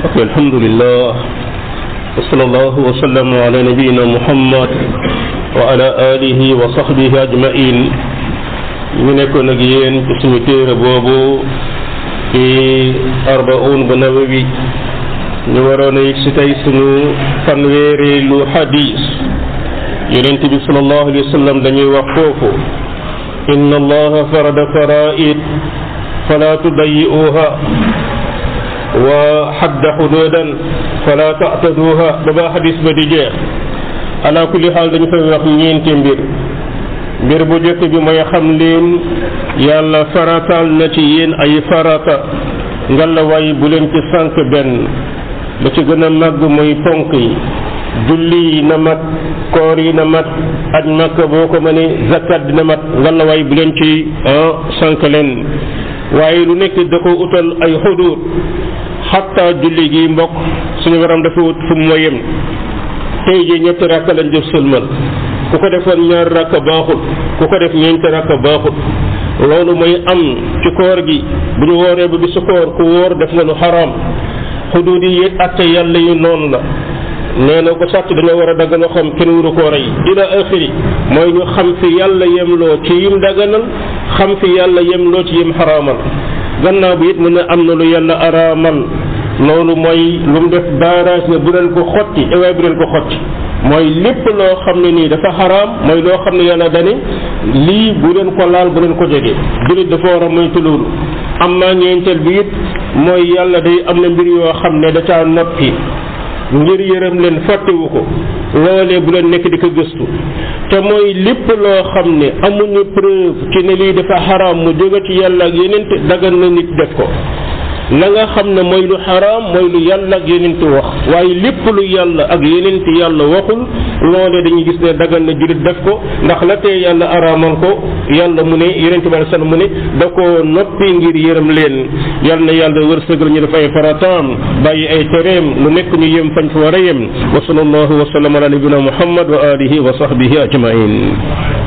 الحمد لله وصلى الله وسلم على نبينا محمد وعلى آله وصحبه أجمعين من يكون نجيين بسم بوابو في أربعون بنووي نوراني ستاي سنو فنويري لو حديث يلنتبه صلى الله عليه وسلم لني وقوفو إن الله فرد فرائد فلا تضيئوها wa xadda xuduudan fala taataduuha ba ba ba di jeex kulli xaal dañu fay wax ñeenti mbir mbir bu jëkk bi mooy xam leen yàlla na ci yéen ay farata ngalawaay bu leen ci sànq benn ci gën a màgg mooy ponk yi julli na mat koor yi na mat aj makka boo ko mënee zakat mat ngalawaay bu leen ci ah, sànq leen waaye lu nekk da ko utal ay xuduud xatta julli gi mbokk suñu waram dafa wut fu mu ma yem tey jii ñetti rakk lañ def sëlmal ku ko defoon ñaar rakk baaxul ku ko def ñeenti rakk baaxul loolu mooy am ci koor gi bu ñu wooree ba bisu koor ku wóor def nga lu xaraam xuduud yi atte yàlla yi noonu la nee na bu sotti dañoo war a dagal waxam kenn waru koo rey ila axiri mooy ñu xam fi yàlla yemloo ci yim daganal xam fi yàlla yemloo ci yim xaraamal gannaaw bi it mu ne am na lu yàlla araamal loolu mooy lu mu def barrage ne bu leen ko xotti waaye bu leen ko xotti mooy lépp loo xam ne nii dafa xaraam mooy loo xam ne yàlla dani lii bu leen ko laal bu leen ko jege jullit dafa war a moytu loolu am na ñeenteel bi it mooy yàlla day am na mbir yoo xam ne da caa noppi ngir yërëm leen fàttewu ko loolee bu leen nekk di ko gëstu te mooy lépp loo xam ne amuñu preuve ci ne lii dafa xaram mu jóge ci yàlla ak yeneen dagan na nit def ko la nga xam ne mooy lu xaraam mooy lu yàlla ak yenente wax waaye lépp lu yàlla ak yenente yàlla waxul loolee dañuy gis ne dagan na jullit def ko ndax la tee yàlla araamal ko yàlla mu ne yenente bi sallam mu ne da ko noppi ngir yërëm leen yàlla na yàlla wërsëgal ñu def ay farataam bàyyi ay tereem lu nekk ñu yem fañ fa war a yem wa sallallahu wa sallam ala nabina muhammad wa alihi wa sahbihi ajmain